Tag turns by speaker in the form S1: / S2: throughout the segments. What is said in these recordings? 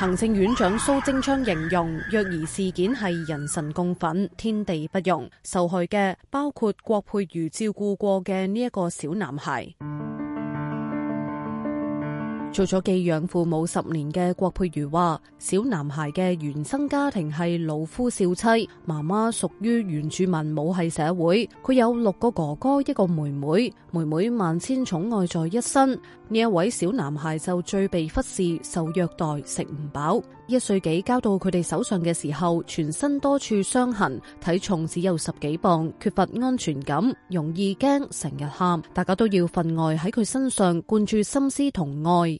S1: 行政院長蘇貞昌形容虐兒事件係人神共憤、天地不容，受害嘅包括郭佩如照顧過嘅呢一個小男孩。做咗寄養父母十年嘅郭佩如話，小男孩嘅原生家庭係老夫少妻，媽媽屬於原住民母系社會。佢有六個哥哥，一個妹妹，妹妹萬千寵愛在一身。呢一位小男孩就最被忽視、受虐待、食唔飽。一歲幾交到佢哋手上嘅時候，全身多處傷痕，體重只有十幾磅，缺乏安全感，容易驚，成日喊。大家都要份愛喺佢身上灌注心思同愛。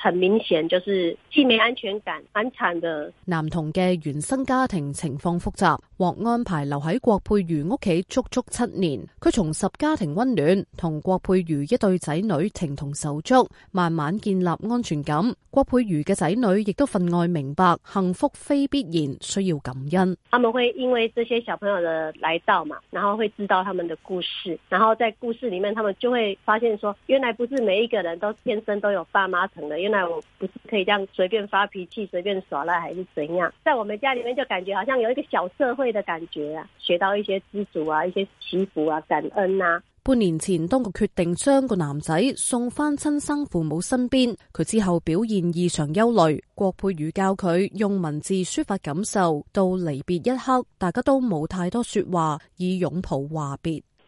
S2: 很明顯，就是既沒安全感，安產的
S1: 男童嘅原生家庭情況複雜，獲安排留喺郭佩如屋企足足七年。佢重拾家庭溫暖，同郭佩如一對仔女情同手足，慢慢建立安全感。郭佩如嘅仔女亦都分外明白，幸福非必然，需要感恩。
S2: 他們會因為這些小朋友的來到嘛，然後會知道他們的故事，然後在故事裏面，他們就會發現說，原來不是每一個人都天生都有爸媽疼的。原來我不是可以這樣隨便發脾氣、隨便耍賴，還是怎樣？在我們家裏面就感覺好像有一個小社會的感覺啊！學到一些知足啊、一些祈福啊、感恩啊。
S1: 半年前，當佢決定將個男仔送翻親生父母身邊，佢之後表現異常憂慮。郭佩宇教佢用文字抒發感受，到離別一刻，大家都冇太多說話以擁，以擁抱話別。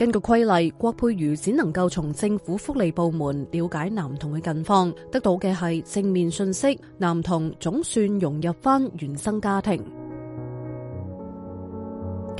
S1: 根據規例，郭佩如只能夠從政府福利部門了解男童嘅近況，得到嘅係正面信息。男童總算融入返原生家庭。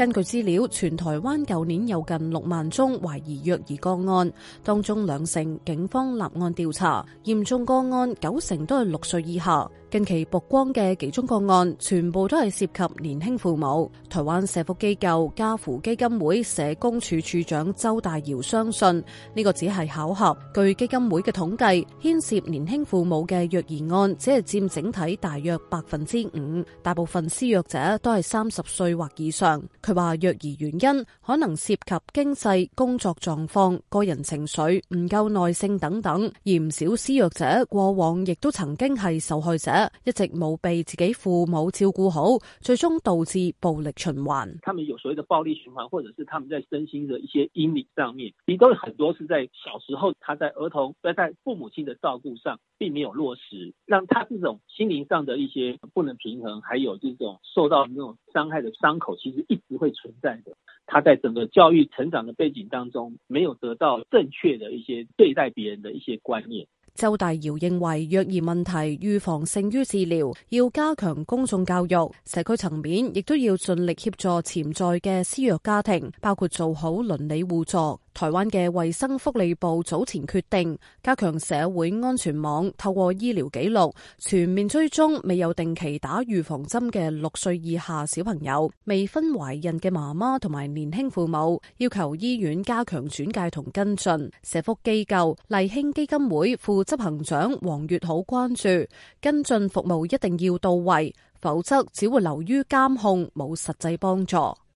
S1: 根據資料，全台灣舊年有近六萬宗懷疑虐兒個案，當中兩成警方立案調查，嚴重個案九成都係六歲以下。近期曝光嘅幾宗個案，全部都係涉及年輕父母。台灣社福機構家扶基金會社工處處長周大堯相信呢個只係巧合。據基金會嘅統計，牽涉年輕父母嘅虐兒案，只係佔整體大約百分之五，大部分施虐者都係三十歲或以上。佢話虐兒原因可能涉及經濟、工作狀況、個人情緒、唔夠耐性等等，而唔少施虐者過往亦都曾經係受害者，一直冇被自己父母照顧好，最終導致暴力循
S2: 環。他們有所謂的暴力循環，或者是他們在身心的一些陰影上面，其實都很多是在小時候，他在兒童在父母親的照顧上並沒有落實，讓他這種心靈上的一些不能平衡，還有這種受到那種傷害的傷口，其實一。會存在的，他在整個教育成長的背景當中，沒有得到正確的一些對待別人的一些觀念。
S1: 周大堯認為，虐兒問題預防勝於治療，要加強公眾教育，社區層面亦都要盡力協助潛在嘅施虐家庭，包括做好鄰里互助。台灣嘅衛生福利部早前決定加強社會安全網，透過醫療記錄全面追蹤未有定期打預防針嘅六歲以下小朋友、未婚懷孕嘅媽媽同埋年輕父母，要求醫院加強轉介同跟進。社福機構勵馨基金會副執行長黃月好關注跟進服務一定要到位，否則只會流於監控，冇實際幫助。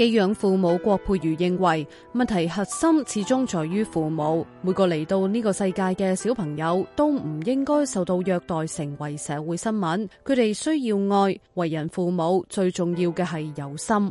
S1: 寄養父母郭佩如認為，問題核心始終在於父母。每個嚟到呢個世界嘅小朋友都唔應該受到虐待，成為社會新聞。佢哋需要愛，為人父母最重要嘅係有心。